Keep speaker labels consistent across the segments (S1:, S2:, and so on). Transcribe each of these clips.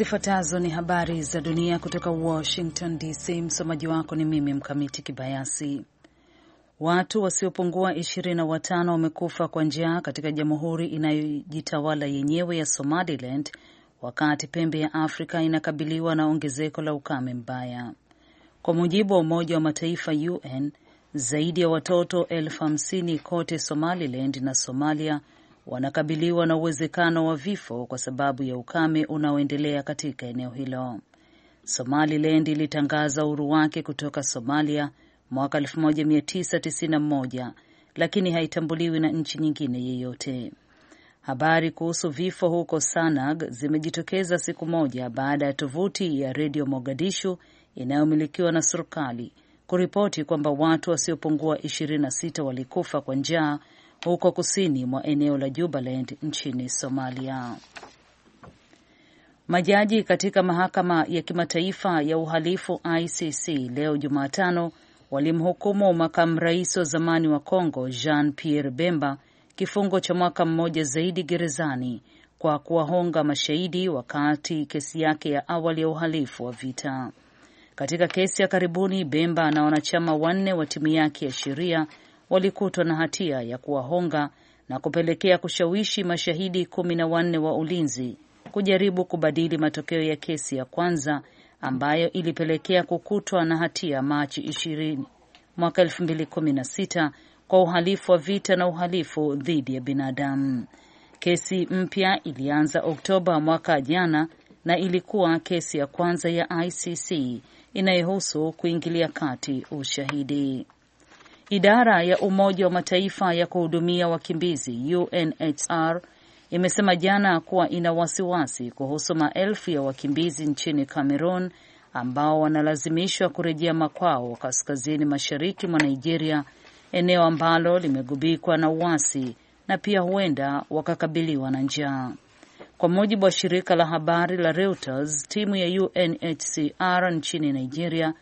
S1: Zifuatazo ni habari za dunia kutoka Washington DC. Msomaji wako ni mimi Mkamiti Kibayasi. Watu wasiopungua ishirini na watano wamekufa kwa njaa katika jamhuri inayojitawala yenyewe ya Somaliland wakati pembe ya Afrika inakabiliwa na ongezeko la ukame mbaya. Kwa mujibu wa Umoja wa Mataifa UN, zaidi ya watoto elfu hamsini kote Somaliland na Somalia wanakabiliwa na uwezekano wa vifo kwa sababu ya ukame unaoendelea katika eneo hilo. Somaliland ilitangaza uhuru wake kutoka Somalia mwaka 1991 lakini haitambuliwi na nchi nyingine yeyote. Habari kuhusu vifo huko Sanag zimejitokeza siku moja baada ya tovuti ya redio Mogadishu inayomilikiwa na serikali kuripoti kwamba watu wasiopungua 26 walikufa kwa njaa huko kusini mwa eneo la Jubaland nchini Somalia. Majaji katika mahakama ya kimataifa ya uhalifu ICC leo Jumatano walimhukumu makamu rais wa zamani wa Kongo Jean Pierre Bemba kifungo cha mwaka mmoja zaidi gerezani kwa kuwahonga mashahidi wakati kesi yake ya awali ya uhalifu wa vita. Katika kesi ya karibuni, Bemba na wanachama wanne wa timu yake ya sheria walikutwa na hatia ya kuwahonga na kupelekea kushawishi mashahidi kumi na wanne wa ulinzi kujaribu kubadili matokeo ya kesi ya kwanza ambayo ilipelekea kukutwa na hatia Machi 20 mwaka 2016 kwa uhalifu wa vita na uhalifu dhidi ya binadamu. Kesi mpya ilianza Oktoba mwaka jana na ilikuwa kesi ya kwanza ya ICC inayohusu kuingilia kati ushahidi. Idara ya Umoja wa Mataifa ya kuhudumia wakimbizi UNHCR imesema jana kuwa ina wasiwasi kuhusu maelfu ya wakimbizi nchini Cameroon ambao wanalazimishwa kurejea makwao kaskazini mashariki mwa Nigeria, eneo ambalo limegubikwa na uasi na pia huenda wakakabiliwa na njaa. Kwa mujibu wa shirika la habari la Reuters, timu ya UNHCR nchini Nigeria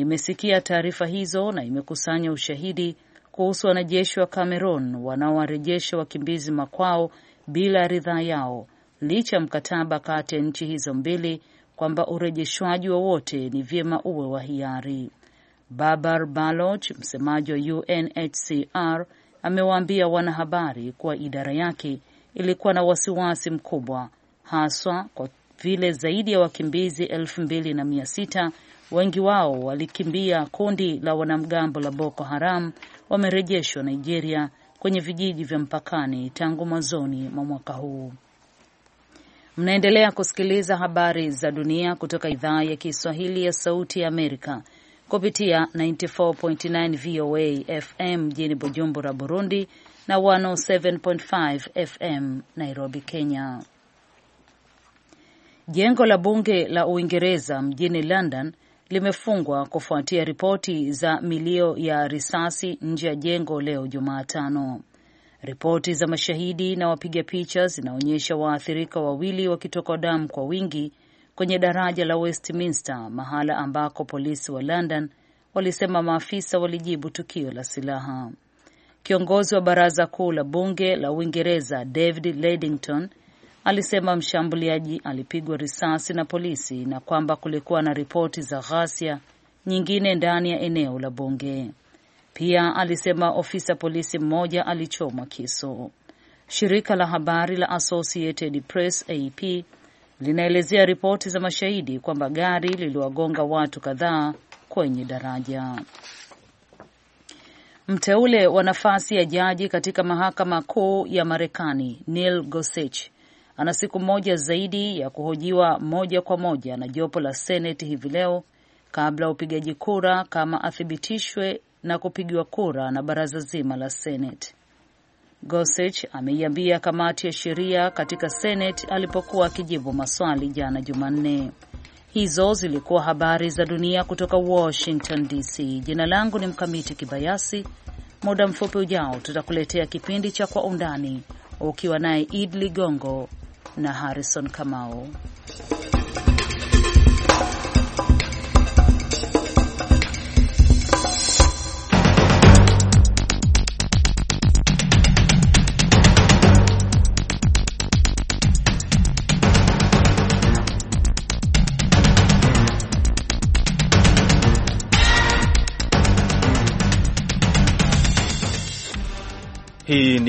S1: imesikia taarifa hizo na imekusanya ushahidi kuhusu wanajeshi wa Cameroon wanaowarejesha wakimbizi makwao bila ridhaa yao licha ya mkataba kati ya nchi hizo mbili kwamba urejeshwaji wowote ni vyema uwe wa hiari. Babar Baloch, msemaji wa UNHCR, amewaambia wanahabari kuwa idara yake ilikuwa na wasiwasi mkubwa haswa kwa vile zaidi ya wakimbizi elfu mbili na mia sita Wengi wao walikimbia kundi la wanamgambo la Boko Haram wamerejeshwa Nigeria kwenye vijiji vya mpakani tangu mwanzoni mwa mwaka huu. Mnaendelea kusikiliza habari za dunia kutoka idhaa ya Kiswahili ya Sauti ya Amerika kupitia 94.9 VOA FM mjini Bujumbura, Burundi na 107.5 FM Nairobi, Kenya. Jengo la bunge la Uingereza mjini London limefungwa kufuatia ripoti za milio ya risasi nje ya jengo leo Jumatano. Ripoti za mashahidi na wapiga picha zinaonyesha waathirika wawili wakitoka damu kwa wingi kwenye daraja la Westminster, mahala ambako polisi wa London walisema maafisa walijibu tukio la silaha. Kiongozi wa baraza kuu la bunge la Uingereza David Ledington alisema mshambuliaji alipigwa risasi na polisi na kwamba kulikuwa na ripoti za ghasia nyingine ndani ya eneo la Bunge. Pia alisema ofisa polisi mmoja alichomwa kisu. Shirika la habari la Associated Press AP linaelezea ripoti za mashahidi kwamba gari liliwagonga watu kadhaa kwenye daraja. Mteule wa nafasi ya jaji katika mahakama kuu ya Marekani Neil Gorsuch ana siku moja zaidi ya kuhojiwa moja kwa moja na jopo la Seneti hivi leo kabla ya upigaji kura, kama athibitishwe na kupigiwa kura na baraza zima la Seneti. gosech ameiambia kamati ya sheria katika Seneti alipokuwa akijibu maswali jana Jumanne. Hizo zilikuwa habari za dunia kutoka Washington DC. Jina langu ni Mkamiti Kibayasi. Muda mfupi ujao tutakuletea kipindi cha Kwa Undani ukiwa naye Id Ligongo na Harrison Kamau.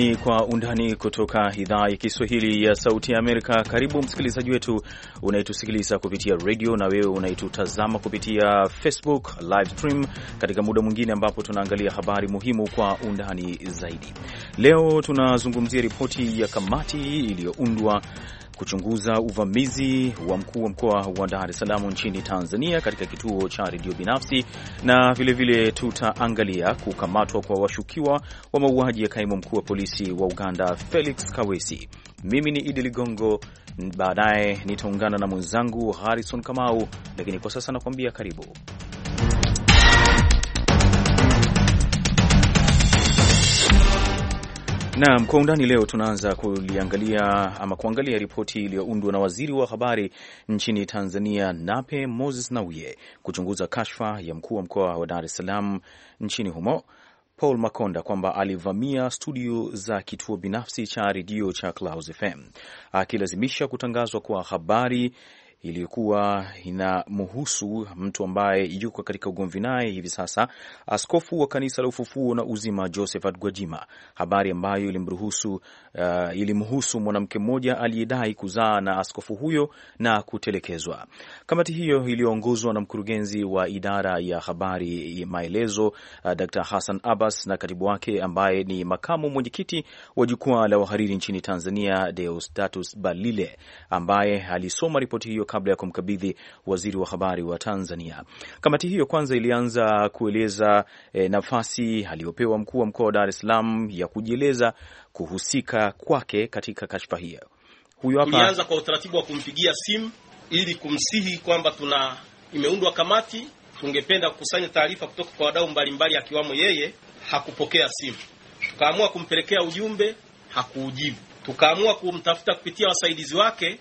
S2: ni Kwa Undani kutoka idhaa ya Kiswahili ya Sauti ya Amerika. Karibu msikilizaji wetu unayetusikiliza kupitia redio na wewe unayetutazama kupitia Facebook live stream, katika muda mwingine ambapo tunaangalia habari muhimu kwa undani zaidi. Leo tunazungumzia ripoti ya kamati iliyoundwa kuchunguza uvamizi wa mkuu wa mkoa wa Dar es Salaam nchini Tanzania katika kituo cha redio binafsi, na vilevile tutaangalia kukamatwa kwa washukiwa wa mauaji ya kaimu mkuu wa polisi wa Uganda Felix Kawesi. Mimi ni Idi Ligongo, baadaye nitaungana na mwenzangu Harrison Kamau, lakini kwa sasa nakuambia karibu. Naam, kwa undani leo tunaanza kuliangalia ama kuangalia ripoti iliyoundwa na waziri wa habari nchini Tanzania Nape Moses nauye kuchunguza kashfa ya mkuu wa mkoa wa Dar es Salaam nchini humo Paul Makonda kwamba alivamia studio za kituo binafsi cha redio cha Clouds FM akilazimisha kutangazwa kwa habari iliyokuwa inamhusu mtu ambaye yuko katika ugomvi naye hivi sasa, askofu wa kanisa la ufufuo na uzima Josephat Gwajima, habari ambayo ilimruhusu uh, ilimhusu mwanamke mmoja aliyedai kuzaa na askofu huyo na kutelekezwa. Kamati hiyo iliyoongozwa na mkurugenzi wa idara ya habari maelezo, uh, Dr. Hassan Abbas na katibu wake ambaye ni makamu mwenyekiti wa jukwaa la wahariri nchini Tanzania Deostatus Balile ambaye alisoma ripoti hiyo kabla ya kumkabidhi waziri wa habari wa Tanzania. Kamati hiyo kwanza ilianza kueleza e, nafasi aliyopewa mkuu wa mkoa wa Dar es Salaam ya kujieleza kuhusika kwake katika kashfa hiyo. Huyo hapa tulianza
S3: kwa utaratibu wa kumpigia simu ili kumsihi kwamba tuna imeundwa kamati, tungependa kukusanya taarifa kutoka kwa wadau mbalimbali, akiwamo yeye. Hakupokea simu, tukaamua kumpelekea ujumbe, hakuujibu. Tukaamua kumtafuta kupitia wasaidizi wake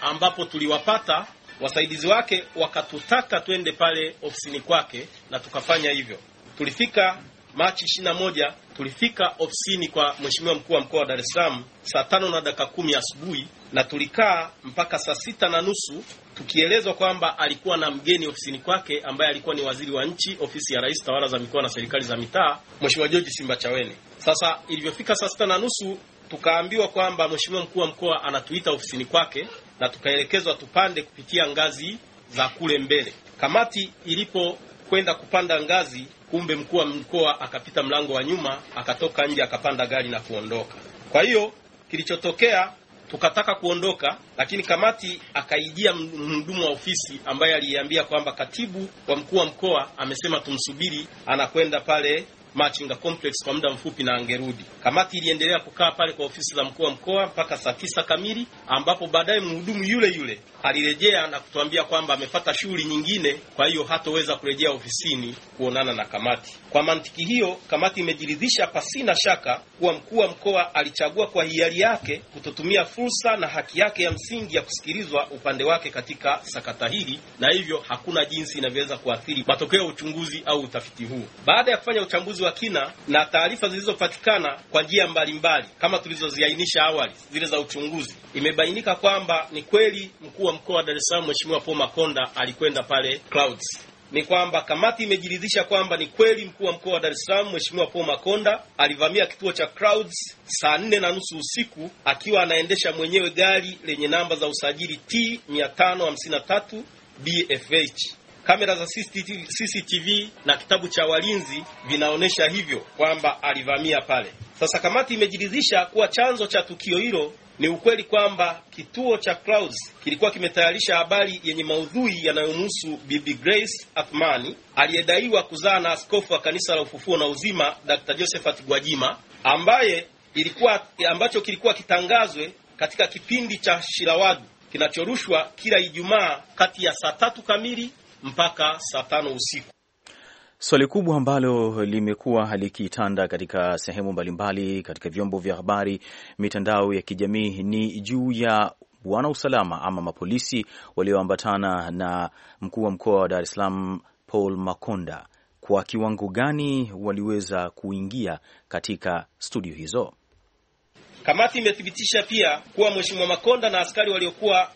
S3: ambapo tuliwapata wasaidizi wake wakatutaka twende pale ofisini kwake na tukafanya hivyo. Tulifika Machi moja tulifika ofisini kwa mheshimiwa mkuu wa mkoa wa Dar es Salaam saa tano na dakika kumi asubuhi na tulikaa mpaka saa sita na nusu tukielezwa kwamba alikuwa na mgeni ofisini kwake ambaye alikuwa ni waziri wa nchi ofisi ya Rais, tawala za mikoa na serikali za mitaa, mheshimiwa George Simbachawene. Sasa ilivyofika saa sita na nusu tukaambiwa kwamba mheshimiwa mkuu wa mkoa anatuita ofisini kwake na tukaelekezwa tupande kupitia ngazi za kule mbele. Kamati ilipokwenda kupanda ngazi, kumbe mkuu wa mkoa akapita mlango wa nyuma, akatoka nje, akapanda gari na kuondoka. Kwa hiyo kilichotokea tukataka kuondoka, lakini kamati akaijia mhudumu wa ofisi ambaye aliiambia kwamba katibu wa mkuu wa mkoa amesema tumsubiri, anakwenda pale Machinga Complex kwa muda mfupi na angerudi. Kamati iliendelea kukaa pale kwa ofisi za mkuu wa mkoa mpaka saa tisa kamili ambapo baadaye mhudumu yule yule alirejea na kutuambia kwamba amepata shughuli nyingine, kwa hiyo hatoweza kurejea ofisini kuonana na kamati. Kwa mantiki hiyo, kamati imejiridhisha pasina shaka kuwa mkuu wa mkoa alichagua kwa hiari yake kutotumia fursa na haki yake ya msingi ya kusikilizwa upande wake katika sakata hili, na hivyo hakuna jinsi inavyoweza kuathiri matokeo ya uchunguzi au utafiti huu. Baada ya kufanya uchambuzi wa kina na taarifa zilizopatikana kwa njia mbalimbali kama tulizoziainisha awali, zile za uchunguzi, imebainika kwamba ni kweli mkuu mkoa wa Dar es Salaam Mheshimiwa Paul Makonda alikwenda pale Clouds ni kwamba kamati imejiridhisha kwamba ni kweli mkuu wa mkoa wa Dar es Salaam Mheshimiwa Paul Makonda alivamia kituo cha Clouds saa nne na nusu usiku akiwa anaendesha mwenyewe gari lenye namba za usajili T 553 BFH Kamera za CCTV, na kitabu cha walinzi vinaonyesha hivyo kwamba alivamia pale. Sasa kamati imejiridhisha kuwa chanzo cha tukio hilo ni ukweli kwamba kituo cha Clouds kilikuwa kimetayarisha habari yenye maudhui yanayomhusu Bibi Grace Athmani aliyedaiwa kuzaa na askofu wa kanisa la ufufuo na uzima Dr. Josephat Gwajima ambaye ilikuwa ambacho kilikuwa kitangazwe katika kipindi cha shilawadu kinachorushwa kila Ijumaa kati ya saa tatu kamili mpaka saa tano usiku.
S2: Swali kubwa ambalo limekuwa likitanda katika sehemu mbalimbali, katika vyombo vya habari, mitandao ya kijamii ni juu ya wanausalama ama mapolisi walioambatana na mkuu wa mkoa wa Dar es Salaam Paul Makonda, kwa kiwango gani waliweza kuingia katika studio hizo.
S3: Kamati imethibitisha pia kuwa Mheshimiwa Makonda na askari waliokuwa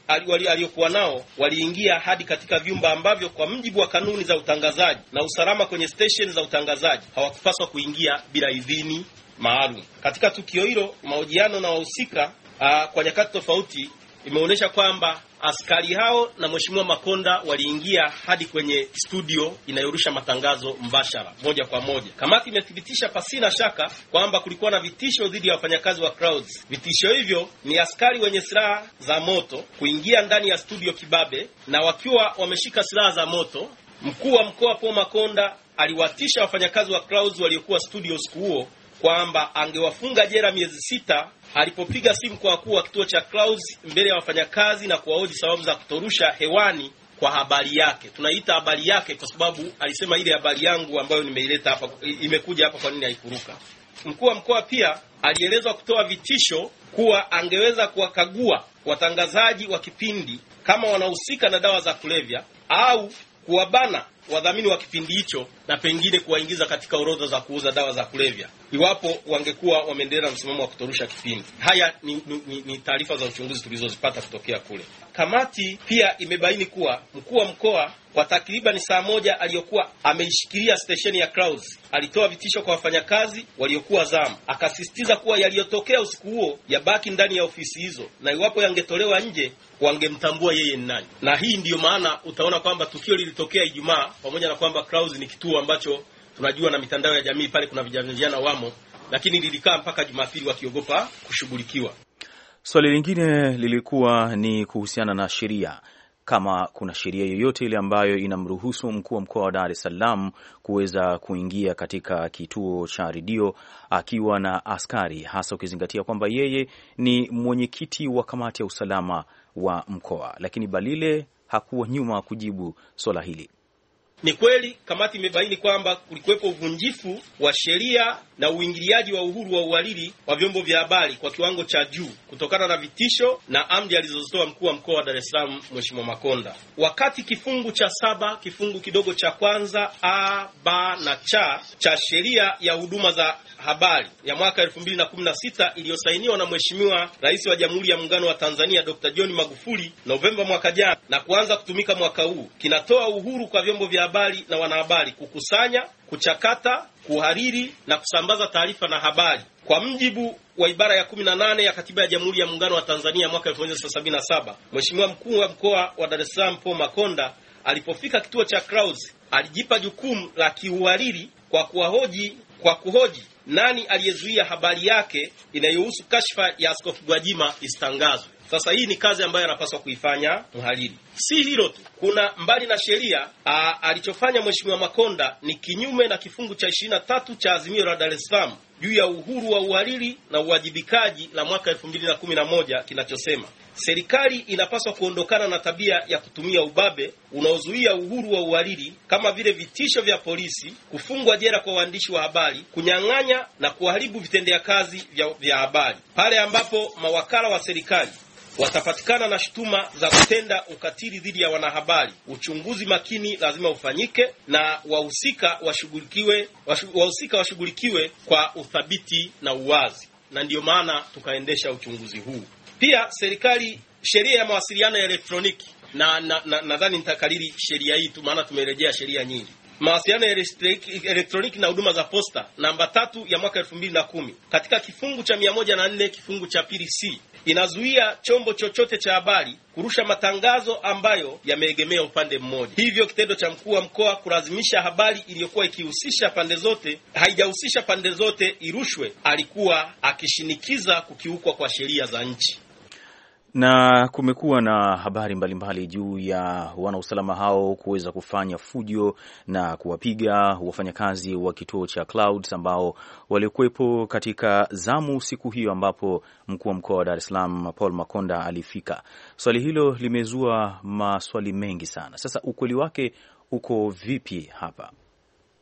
S3: aliokuwa nao waliingia hadi katika vyumba ambavyo kwa mjibu wa kanuni za utangazaji na usalama kwenye stesheni za utangazaji hawakupaswa kuingia bila idhini maalum. Katika tukio hilo, mahojiano na wahusika ah, kwa nyakati tofauti imeonyesha kwamba askari hao na Mheshimiwa Makonda waliingia hadi kwenye studio inayorusha matangazo mbashara moja kwa moja. Kamati imethibitisha pasina shaka kwamba kulikuwa na vitisho dhidi ya wafanyakazi wa Clouds. Vitisho hivyo ni askari wenye silaha za moto kuingia ndani ya studio kibabe na wakiwa wameshika silaha za moto. Mkuu wa mkoa Paul Makonda aliwatisha wafanyakazi wa Clouds waliokuwa studio siku huo kwamba angewafunga jela miezi sita alipopiga simu kwa wakuu wa kituo cha Clouds mbele ya wafanyakazi na kuwahoji sababu za kutorusha hewani kwa habari yake. Tunaita habari yake kwa sababu alisema ile habari yangu ambayo nimeileta hapa imekuja hapa, kwa nini haikuruka? Mkuu wa mkoa pia alielezwa kutoa vitisho kuwa angeweza kuwakagua watangazaji wa kipindi kama wanahusika na dawa za kulevya au kuwabana wadhamini wa kipindi hicho na pengine kuwaingiza katika orodha za kuuza dawa za kulevya iwapo wangekuwa wameendelea na msimamo wa kutorusha kipindi. Haya ni, ni, ni taarifa za uchunguzi tulizozipata kutokea kule. Kamati pia imebaini kuwa mkuu wa mkoa kwa takriban saa moja aliyokuwa ameishikilia stesheni ya Clouds. Alitoa vitisho kwa wafanyakazi waliokuwa zamu, akasisitiza kuwa yaliyotokea usiku huo yabaki ndani ya ofisi hizo, na iwapo yangetolewa nje wangemtambua yeye ni nani. Na hii ndiyo maana utaona kwamba tukio lilitokea Ijumaa, pamoja na kwamba Clouds ni kituo ambacho tunajua na mitandao ya jamii pale kuna vijana vijana wamo, lakini lilikaa mpaka Jumapili wakiogopa kushughulikiwa.
S2: Swali lingine lilikuwa ni kuhusiana na sheria kama kuna sheria yoyote ile ambayo inamruhusu mkuu wa mkoa wa Dar es Salaam kuweza kuingia katika kituo cha redio akiwa na askari, hasa ukizingatia kwamba yeye ni mwenyekiti wa kamati ya usalama wa mkoa, lakini Balile hakuwa nyuma kujibu swala hili.
S3: Ni kweli kamati imebaini kwamba kulikuwepo uvunjifu wa sheria na uingiliaji wa uhuru wa uhariri wa vyombo vya habari kwa kiwango cha juu kutokana na vitisho na amri alizozitoa mkuu wa mkoa wa Dar es Salaam Mheshimiwa Makonda. Wakati kifungu cha saba kifungu kidogo cha kwanza a b na cha cha sheria ya huduma za habari ya mwaka 2016 iliyosainiwa na Mheshimiwa Rais wa Jamhuri ya Muungano wa Tanzania Dr. John Magufuli Novemba mwaka jana na kuanza kutumika mwaka huu kinatoa uhuru kwa vyombo vya habari na wanahabari kukusanya, kuchakata, kuhariri na kusambaza taarifa na habari kwa mjibu wa ibara ya 18 ya Katiba ya Jamhuri ya Muungano wa Tanzania mwaka 1977. Mheshimiwa Mkuu wa Mkoa wa Dar es Salaam Paul Makonda alipofika kituo cha Clouds alijipa jukumu la kiuhariri kwa kuwahoji kwa kuhoji nani aliyezuia habari yake inayohusu kashfa ya Askofu Gwajima isitangazwe? Sasa hii ni kazi ambayo anapaswa kuifanya mhariri. Si hilo tu, kuna mbali na sheria alichofanya mheshimiwa Makonda ni kinyume na kifungu cha ishirini na tatu cha azimio la Dar es Salaam juu ya uhuru wa uhariri na uwajibikaji la mwaka 2011 kinachosema serikali inapaswa kuondokana na tabia ya kutumia ubabe unaozuia uhuru wa uhariri kama vile vitisho vya polisi, kufungwa jera kwa waandishi wa habari, kunyang'anya na kuharibu vitendea kazi vya, vya habari pale ambapo mawakala wa serikali watapatikana na shutuma za kutenda ukatili dhidi ya wanahabari, uchunguzi makini lazima ufanyike na wahusika washughulikiwe, wahusika washughulikiwe kwa uthabiti na uwazi, na ndiyo maana tukaendesha uchunguzi huu. Pia serikali, sheria ya mawasiliano ya elektroniki, na nadhani na, na, nitakariri sheria hii tu, maana tumerejea sheria nyingi mawasiliano ya elektroniki na huduma za posta namba tatu ya mwaka elfu mbili na kumi katika kifungu cha mia moja na nne kifungu cha pili c inazuia chombo chochote cha habari kurusha matangazo ambayo yameegemea upande mmoja. Hivyo kitendo cha mkuu wa mkoa kulazimisha habari iliyokuwa ikihusisha pande zote haijahusisha pande zote irushwe, alikuwa akishinikiza kukiukwa kwa sheria za
S2: nchi na kumekuwa na habari mbalimbali juu ya wanausalama hao kuweza kufanya fujo na kuwapiga wafanyakazi wa kituo cha Clouds ambao walikuwepo katika zamu siku hiyo ambapo mkuu wa mkoa wa Dar es Salaam Paul Makonda alifika. Swali hilo limezua maswali mengi sana. Sasa ukweli wake uko vipi hapa?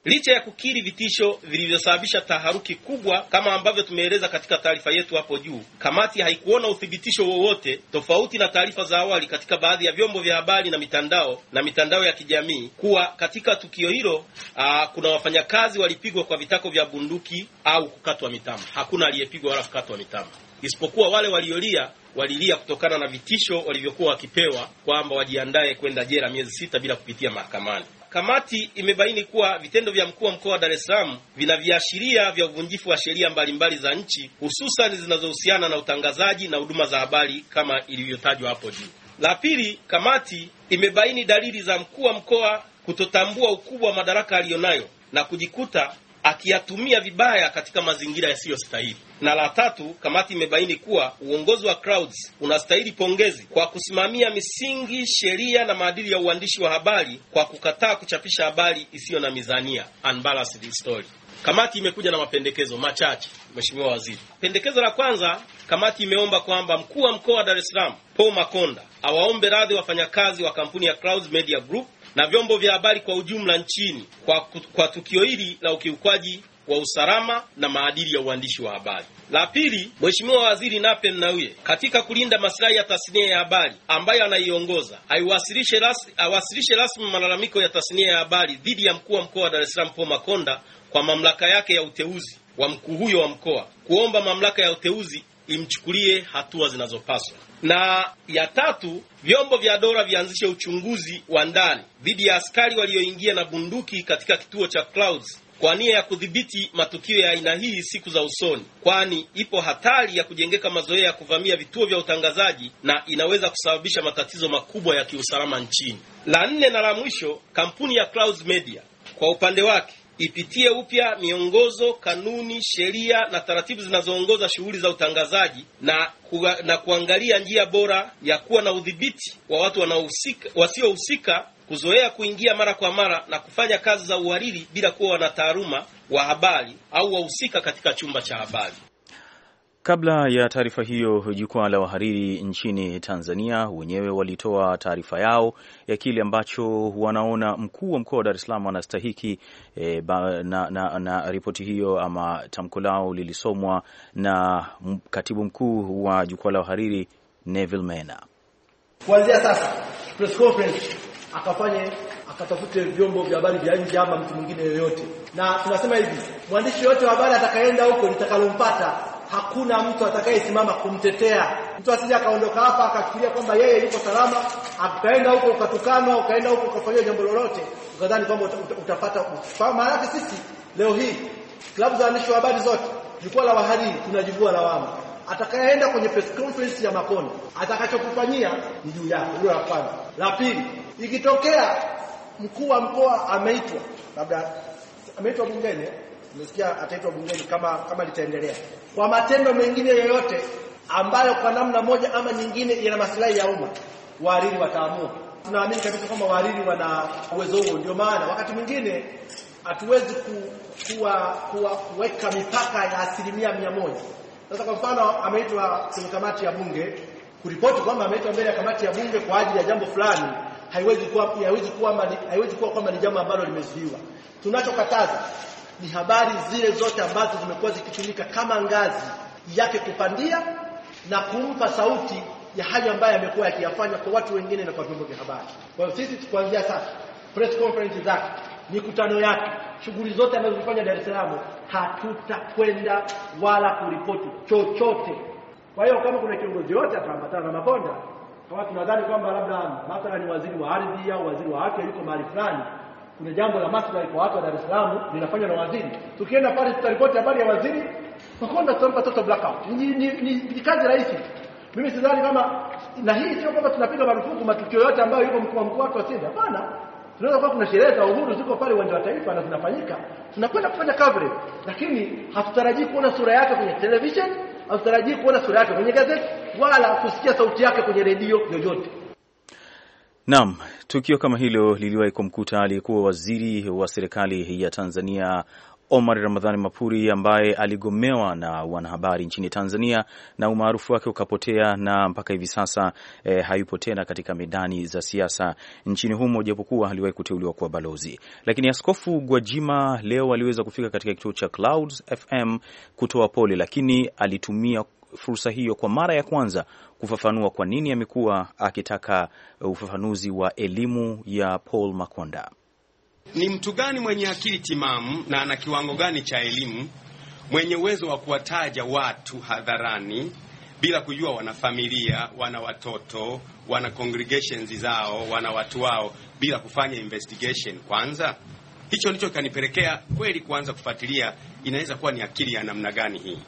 S3: Licha ya kukiri vitisho vilivyosababisha taharuki kubwa kama ambavyo tumeeleza katika taarifa yetu hapo juu, kamati haikuona uthibitisho wowote tofauti na taarifa za awali katika baadhi ya vyombo vya habari na mitandao na mitandao ya kijamii kuwa katika tukio hilo aa, kuna wafanyakazi walipigwa kwa vitako vya bunduki au kukatwa mitama. Hakuna aliyepigwa wala kukatwa mitama, isipokuwa wale waliolia walilia kutokana na vitisho walivyokuwa wakipewa kwamba wajiandae kwenda jela miezi sita bila kupitia mahakamani. Kamati imebaini kuwa vitendo vya mkuu wa mkoa wa Dar es Salaam vina viashiria vya uvunjifu wa sheria mbalimbali za nchi, hususan zinazohusiana na utangazaji na huduma za habari kama ilivyotajwa hapo juu. La pili, kamati imebaini dalili za mkuu wa mkoa kutotambua ukubwa wa madaraka aliyonayo na kujikuta akiyatumia vibaya katika mazingira yasiyostahili. Na la tatu, kamati imebaini kuwa uongozi wa Clouds unastahili pongezi kwa kusimamia misingi, sheria na maadili ya uandishi wa habari kwa kukataa kuchapisha habari isiyo na mizania, unbalanced story. Kamati imekuja na mapendekezo machache, Mheshimiwa Waziri. Pendekezo la kwanza, kamati imeomba kwamba mkuu wa mkoa wa Dar es Salaam Paul Makonda awaombe radhi wafanyakazi wa kampuni ya Clouds Media Group na vyombo vya habari kwa ujumla nchini kwa, kwa tukio hili la ukiukwaji wa usalama na maadili ya uandishi wa habari. La pili, Mheshimiwa Waziri Nape Nnauye katika kulinda maslahi ya tasnia ya habari ambayo anaiongoza aiwasilishe rasmi, awasilishe rasmi malalamiko ya tasnia ya habari dhidi ya mkuu wa mkoa wa Dar es Salaam Paul Makonda kwa mamlaka yake ya uteuzi wa mkuu huyo wa mkoa kuomba mamlaka ya uteuzi imchukulie hatua zinazopaswa. Na ya tatu, vyombo vya dola vianzishe uchunguzi wa ndani dhidi ya askari walioingia na bunduki katika kituo cha Clouds kwa nia ya kudhibiti matukio ya aina hii siku za usoni, kwani ipo hatari ya kujengeka mazoea ya kuvamia vituo vya utangazaji na inaweza kusababisha matatizo makubwa ya kiusalama nchini. La nne na la mwisho, kampuni ya Clouds Media kwa upande wake ipitie upya miongozo, kanuni, sheria na taratibu zinazoongoza shughuli za utangazaji na, kuwa, na kuangalia njia bora ya kuwa na udhibiti wa watu wasiohusika kuzoea kuingia mara kwa mara na kufanya kazi za uhariri bila kuwa wanataaluma wa habari au wahusika katika chumba cha habari.
S2: Kabla ya taarifa hiyo, jukwaa la wahariri nchini Tanzania wenyewe walitoa taarifa yao ya kile ambacho wanaona mkuu wa mkoa wa Dar es Salaam anastahiki e, ba, na, na, na ripoti hiyo ama tamko lao lilisomwa na katibu mkuu wa jukwaa la wahariri Neville Mena.
S4: Kuanzia sasa press conference akafanye akatafute vyombo vya habari vya nje ama mtu mwingine yoyote, na tunasema hivi, mwandishi yoyote wa habari atakaenda huko nitakalompata hakuna mtu atakayesimama kumtetea. Mtu asije akaondoka hapa akafikiria kwamba yeye yuko salama, akaenda huko ukatukanwa, ukaenda huko ukafanyia jambo lolote, ukadhani kwamba utapata ufahamu. Maana sisi leo hii klabu za waandishi wa habari zote, jukwaa la wahariri, tunajivua lawama. Atakayeenda kwenye press conference ya Makoni, atakachokufanyia ni juu yako. Hilo la kwanza. La pili, ikitokea mkuu wa mkoa ameitwa, labda ameitwa bungeni Umesikia, ataitwa bungeni kama kama litaendelea. Kwa matendo mengine yoyote ambayo kwa namna moja ama nyingine yana maslahi ya umma, wahariri wataamua. Tunaamini kabisa kwamba wahariri wana uwezo huo. Ndio maana wakati mwingine hatuwezi ku, kuwa, kuwa kuweka mipaka ya asilimia mia moja. Sasa kwa mfano, ameitwa kwenye kamati ya bunge kuripoti kwamba ameitwa mbele ya kamati ya bunge kwa ajili ya jambo fulani, haiwezi kuwa haiwezi kuwa kwamba ni jambo ambalo limezuiwa. Tunachokataza ni habari zile zote ambazo zimekuwa zikitumika kama ngazi yake kupandia na kumpa sauti ya hali ambayo yamekuwa yakiyafanya kwa watu wengine na kwa vyombo vya habari. Kwa hiyo sisi kuanzia sasa press conference zake, mikutano yake, shughuli zote anazofanya Dar es Salaam, hatutakwenda wala kuripoti chochote. Kwa hiyo kama kuna kiongozi yote ataambatana na Makonda, kama tunadhani kwamba labda ni waziri wa ardhi au waziri wa afya yuko mahali fulani kuna jambo la maslahi kwa watu wa Dar es Salaam linafanywa na waziri. Tukienda pale tutaripoti habari ya waziri, Makonda tutampa toto blackout. Ni, ni, ni, ni kazi rahisi. Mimi sidhani kama na hii sio kwamba tunapiga marufuku matukio yote ambayo yuko mkuu mkuu watu asinde. Hapana. Tunaweza kuwa kuna sherehe za uhuru ziko pale uwanja wa taifa na zinafanyika. Tunakwenda kufanya coverage, lakini hatutarajii kuona sura yake kwenye television, hatutarajii kuona sura yake kwenye gazeti wala kusikia sauti yake kwenye redio yoyote.
S2: Naam, tukio kama hilo liliwahi kumkuta aliyekuwa waziri wa serikali ya Tanzania Omar Ramadhani Mapuri ambaye aligomewa na wanahabari nchini Tanzania na umaarufu wake ukapotea na mpaka hivi sasa e, hayupo tena katika medani za siasa nchini humo, japokuwa aliwahi kuteuliwa kuwa balozi. Lakini Askofu Gwajima leo aliweza kufika katika kituo cha Clouds FM kutoa pole, lakini alitumia fursa hiyo kwa mara ya kwanza kufafanua kwa nini amekuwa akitaka uh, ufafanuzi wa elimu ya Paul Makonda.
S5: Ni mtu gani mwenye akili timamu na ana kiwango gani cha elimu, mwenye uwezo wa kuwataja watu hadharani bila kujua wana familia, wana watoto, wana congregations zao, wana watu wao, bila kufanya investigation kwanza. Hicho ndicho kanipelekea kweli kuanza kufuatilia, inaweza kuwa ni akili ya namna gani hii.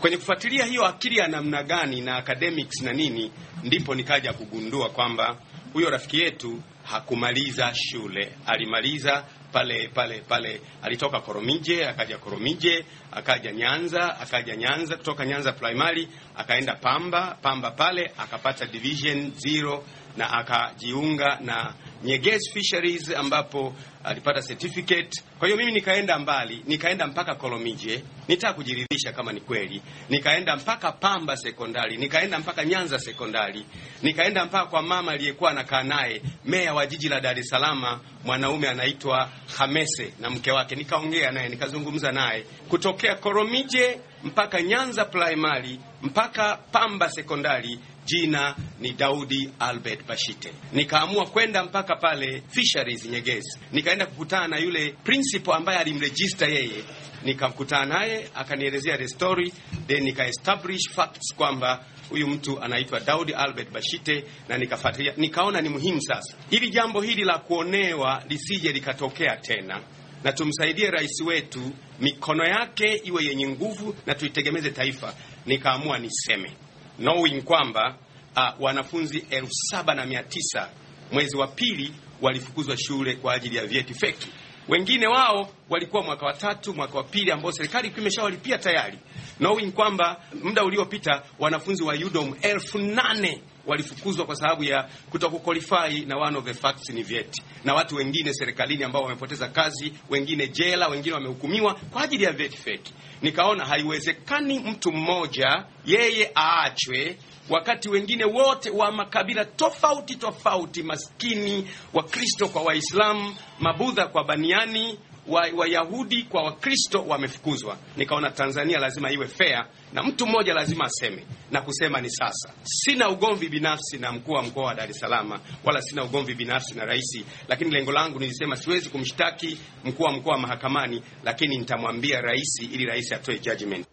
S5: Kwenye kufuatilia hiyo akili ya namna gani na academics na nini, ndipo nikaja kugundua kwamba huyo rafiki yetu hakumaliza shule, alimaliza pale pale pale. Alitoka Koromije akaja Koromije akaja Nyanza akaja Nyanza, kutoka Nyanza primary akaenda Pamba Pamba, pale akapata division zero na akajiunga na Nyegezi Fisheries ambapo alipata certificate. Kwa hiyo mimi nikaenda mbali, nikaenda mpaka Kolomije, eh. nitaka kujiridhisha kama ni kweli. Nikaenda mpaka Pamba Sekondari, nikaenda mpaka Nyanza Sekondari, nikaenda mpaka kwa mama aliyekuwa anakaa naye, meya wa jiji la Dar es Salaam, mwanaume anaitwa Hamese na mke wake, nikaongea naye, nikazungumza naye kutokea Kolomije mpaka Nyanza Primary mpaka Pamba Sekondari jina ni Daudi Albert Bashite. Nikaamua kwenda mpaka pale Fisheries Nyegezi, nikaenda kukutana na yule principal ambaye alimregister yeye, nikamkutana naye akanielezea the story, then nikaestablish facts kwamba huyu mtu anaitwa Daudi Albert Bashite na nikafuatilia, nikaona ni muhimu sasa ili jambo hili la kuonewa lisije likatokea tena, na tumsaidie rais wetu, mikono yake iwe yenye nguvu na tuitegemeze taifa. Nikaamua niseme knowing kwamba uh, wanafunzi elfu saba na mia tisa mwezi wa pili walifukuzwa shule kwa ajili ya vyeti feki. Wengine wao walikuwa mwaka wa tatu, mwaka wa pili ambao serikali kimeshawalipia imeshawalipia tayari, knowing kwamba muda uliopita wanafunzi wa UDOM elfu nane walifukuzwa kwa sababu ya kutokuqualify na one of the facts ni vyeti, na watu wengine serikalini ambao wamepoteza kazi, wengine jela, wengine wamehukumiwa kwa ajili ya vyeti feki. Nikaona haiwezekani mtu mmoja yeye aachwe wakati wengine wote wa makabila tofauti tofauti, maskini, Wakristo kwa Waislamu, Mabudha kwa Baniani, Wayahudi wa kwa Wakristo wamefukuzwa. Nikaona Tanzania lazima iwe fair na mtu mmoja lazima aseme na kusema ni sasa. Sina ugomvi binafsi na mkuu wa mkoa wa Dar es Salaam, wala sina ugomvi binafsi na rais, lakini lengo langu nilisema siwezi kumshtaki mkuu wa mkoa mahakamani, lakini nitamwambia rais ili rais atoe judgment.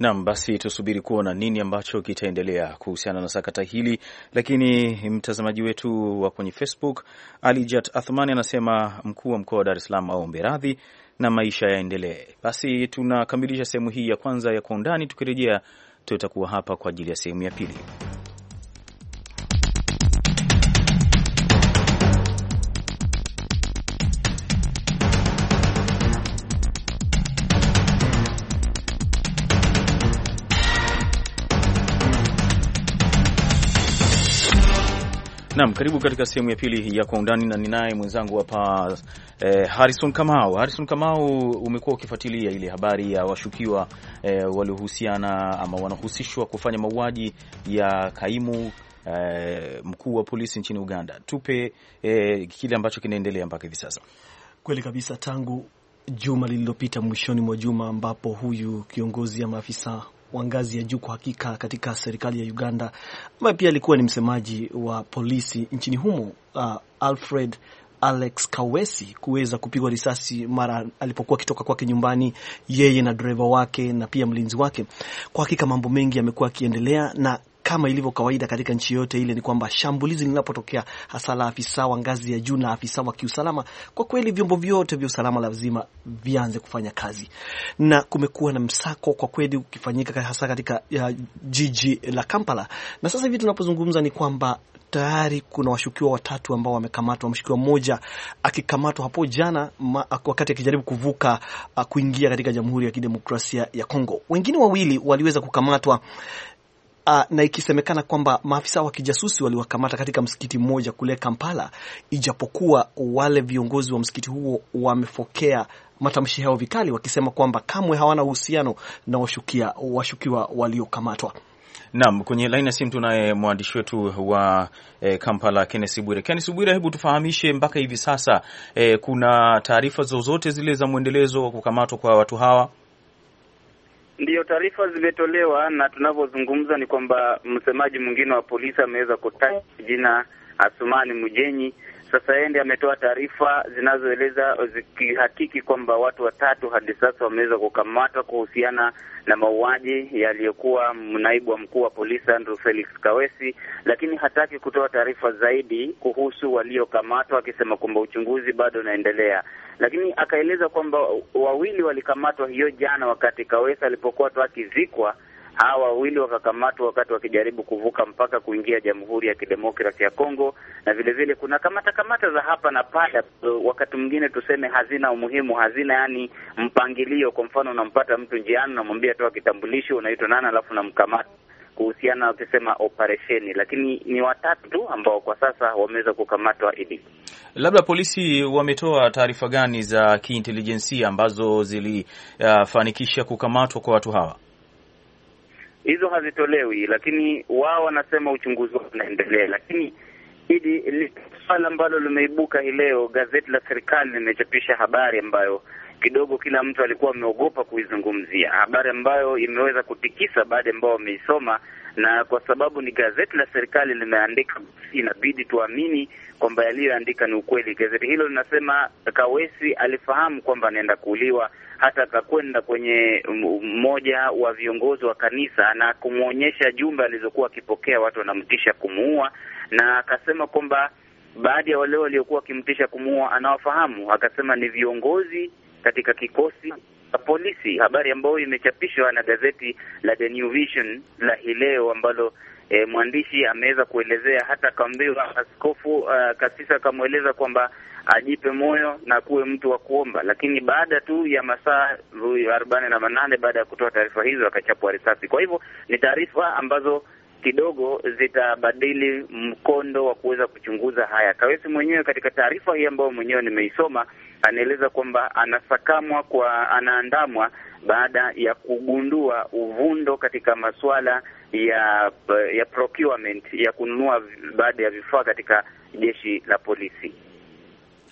S2: Naam, basi tusubiri kuona nini ambacho kitaendelea kuhusiana na sakata hili. Lakini mtazamaji wetu wa kwenye Facebook Alijat Athmani anasema mkuu wa mkoa wa Dar es Salaam aombe radhi na maisha yaendelee. Basi tunakamilisha sehemu hii ya kwanza ya Kwa Undani. Tukirejea tutakuwa hapa kwa ajili ya sehemu ya pili. Naam, karibu katika sehemu ya pili ya kwa undani, na ninaye mwenzangu hapa eh, Harrison Kamau. Harrison Kamau, umekuwa ukifuatilia ile habari ya washukiwa eh, waliohusiana ama wanahusishwa kufanya mauaji ya kaimu eh, mkuu wa polisi nchini Uganda. Tupe eh, kile ambacho kinaendelea mpaka hivi sasa.
S6: Kweli kabisa, tangu juma lililopita mwishoni mwa juma ambapo huyu kiongozi ya maafisa wa ngazi ya juu kwa hakika katika serikali ya Uganda, ambaye pia alikuwa ni msemaji wa polisi nchini humo, uh, Alfred Alex Kawesi kuweza kupigwa risasi mara alipokuwa akitoka kwake nyumbani, yeye na dereva wake na pia mlinzi wake. Kwa hakika mambo mengi yamekuwa yakiendelea, na kama ilivyo kawaida katika nchi yoyote ile, ni kwamba shambulizi linapotokea, hasa la afisa wa ngazi ya juu na afisa wa kiusalama, kwa kweli vyombo vyote vya usalama lazima vianze kufanya kazi, na kumekuwa na msako kwa kweli ukifanyika hasa katika jiji la Kampala. Na sasa hivi tunapozungumza ni kwamba tayari kuna washukiwa watatu ambao wamekamatwa. Mshukiwa mmoja akikamatwa hapo jana ma, wakati akijaribu kuvuka kuingia katika Jamhuri ya Kidemokrasia ya Kongo. Wengine wawili waliweza kukamatwa uh, na ikisemekana kwamba maafisa wa kijasusi waliwakamata katika msikiti mmoja kule Kampala, ijapokuwa wale viongozi wa msikiti huo wamepokea matamshi hayo vikali, wakisema kwamba kamwe hawana uhusiano na washukia, washukiwa waliokamatwa.
S2: Naam, kwenye laini ya simu tunaye mwandishi wetu wa e, Kampala kennesi Bwire. Kenneth Bwire, hebu tufahamishe mpaka hivi sasa e, kuna taarifa zozote zile za mwendelezo wa kukamatwa kwa watu hawa?
S7: Ndiyo, taarifa zimetolewa na tunavyozungumza ni kwamba msemaji mwingine wa polisi ameweza kutaja jina Asumani Mujenyi sasa yeye ndiye ametoa taarifa zinazoeleza zikihakiki kwamba watu watatu hadi sasa wameweza kukamatwa kuhusiana na mauaji yaliyokuwa naibu wa mkuu wa polisi Andrew Felix Kawesi, lakini hataki kutoa taarifa zaidi kuhusu waliokamatwa, akisema kwamba uchunguzi bado unaendelea. Lakini akaeleza kwamba wawili walikamatwa hiyo jana wakati Kawesi alipokuwa tu akizikwa Hawa wawili wakakamatwa wakati wakijaribu kuvuka mpaka kuingia Jamhuri ya Kidemokrasi ya Kongo, na vile vile kuna kamata kamata za hapa na pale, uh, wakati mwingine tuseme hazina umuhimu, hazina yani mpangilio. Kwa mfano, unampata mtu njiani, unamwambia toa kitambulisho, unaitwa nani, alafu namkamata kuhusiana wakisema operesheni, lakini ni watatu tu ambao kwa sasa wameweza kukamatwa. Idi,
S2: labda polisi wametoa taarifa gani za kiintelijensia ambazo zilifanikisha uh, kukamatwa kwa watu hawa?
S7: hizo hazitolewi, lakini wao wanasema uchunguzi wao unaendelea. Lakini hili swala ambalo limeibuka hii leo, gazeti la serikali limechapisha habari ambayo kidogo kila mtu alikuwa ameogopa kuizungumzia, habari ambayo imeweza kutikisa baadhi ambao wameisoma na kwa sababu ni gazeti la serikali limeandika, inabidi tuamini kwamba yaliyoandika ni ukweli. Gazeti hilo linasema Kawesi alifahamu kwamba anaenda kuuliwa, hata akakwenda kwenye mmoja wa viongozi wa kanisa na kumwonyesha jumbe alizokuwa akipokea, watu wanamtisha kumuua, na akasema kwamba baadhi ya wale waliokuwa wakimtisha kumuua anawafahamu. Akasema ni viongozi katika kikosi polisi, habari ambayo imechapishwa na gazeti la The New Vision la hii leo ambalo E, mwandishi ameweza kuelezea hata akaambiwa askofu uh, kasisa akamweleza kwamba ajipe moyo na kuwe mtu wa kuomba, lakini baada tu ya masaa arobaini na manane baada ya kutoa taarifa hizo akachapwa risasi. Kwa hivyo ni taarifa ambazo kidogo zitabadili mkondo wa kuweza kuchunguza haya. Kawesi mwenyewe katika taarifa hii ambayo mwenyewe nimeisoma anaeleza kwamba anasakamwa kwa anaandamwa baada ya kugundua uvundo katika masuala ya ya procurement ya kununua baadhi ya vifaa katika jeshi la polisi.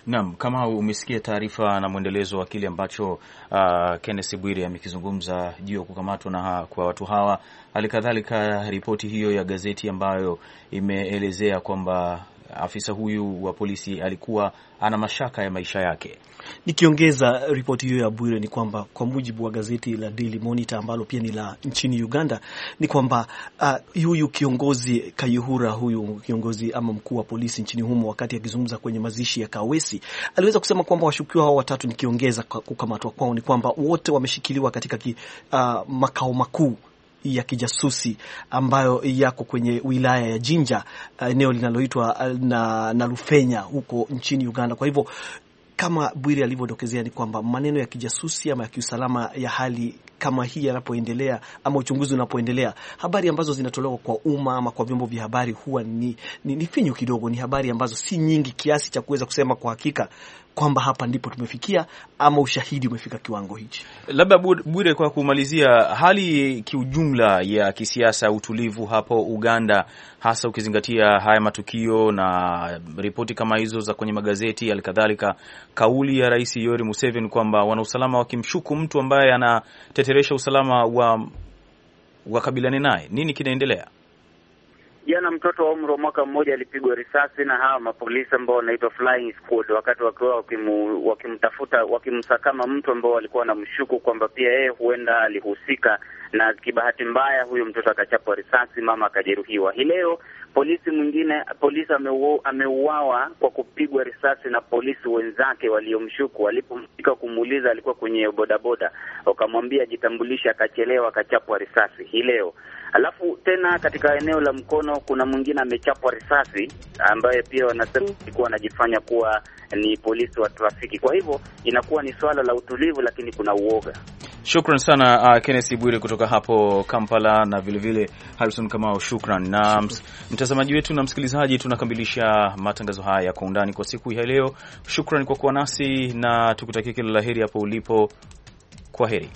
S2: Naam, kama umesikia taarifa na mwendelezo wa kile ambacho uh, Kenneth Bwire amekizungumza juu ya kukamatwa na kwa watu hawa, hali kadhalika ripoti hiyo ya gazeti ambayo imeelezea kwamba afisa huyu wa polisi alikuwa ana
S6: mashaka ya maisha yake. Nikiongeza ripoti hiyo ya Bwire ni kwamba kwa mujibu wa gazeti la Daily Monitor ambalo pia ni la nchini Uganda ni kwamba uh, huyu kiongozi Kayihura, huyu kiongozi ama mkuu wa polisi nchini humo, wakati akizungumza kwenye mazishi ya Kawesi, aliweza kusema kwamba washukiwa hao watatu, nikiongeza kukamatwa kwao, ni kwamba wote wameshikiliwa katika ki, uh, makao makuu ya kijasusi ambayo yako kwenye wilaya ya Jinja, eh, eneo linaloitwa eh, na lufenya huko nchini Uganda. Kwa hivyo kama Bwiri alivyodokezea ni kwamba maneno ya kijasusi ama ya kiusalama ya hali kama hii yanapoendelea ama uchunguzi unapoendelea, habari ambazo zinatolewa kwa umma ama kwa vyombo vya habari huwa ni, ni, ni finyu kidogo, ni habari ambazo si nyingi kiasi cha kuweza kusema kwa hakika kwamba hapa ndipo tumefikia ama ushahidi umefika kiwango hichi.
S2: Labda Bwire, kwa kumalizia, hali kiujumla ya kisiasa, utulivu hapo Uganda, hasa ukizingatia haya matukio na ripoti kama hizo za kwenye magazeti, alikadhalika kauli ya Rais Yoweri Museveni kwamba wanausalama wakimshuku mtu ambaye anatetea kuchelewesha usalama wa wakabiliane naye. Nini kinaendelea?
S7: Jana mtoto wa umri wa mwaka mmoja alipigwa risasi na hawa mapolisi ambao wanaitwa flying squad, wakati wakiwa wakimu, wakimtafuta wakimsakama mtu ambao walikuwa wanamshuku kwamba pia yeye huenda alihusika, na kibahati mbaya huyo mtoto akachapwa risasi, mama akajeruhiwa. Hii leo Polisi mwingine, polisi ameuawa kwa kupigwa risasi na polisi wenzake waliomshuku. Walipomfika kumuuliza, alikuwa kwenye bodaboda, wakamwambia ajitambulishe, akachelewa, akachapwa risasi hii leo. Alafu tena katika eneo la Mkono kuna mwingine amechapwa risasi, ambaye pia wanasema alikuwa anajifanya kuwa ni polisi wa trafiki. Kwa hivyo inakuwa ni swala la utulivu, lakini kuna uoga.
S2: Shukran sana uh, Kenneth Bwire kutoka hapo Kampala na vilevile Harrison Kamau, shukran na mtazamaji wetu na msikilizaji. Tunakamilisha matangazo haya ya kwa undani kwa siku ya leo. Shukran kwa kuwa nasi na tukutakia kila la heri hapo ulipo. Kwa heri.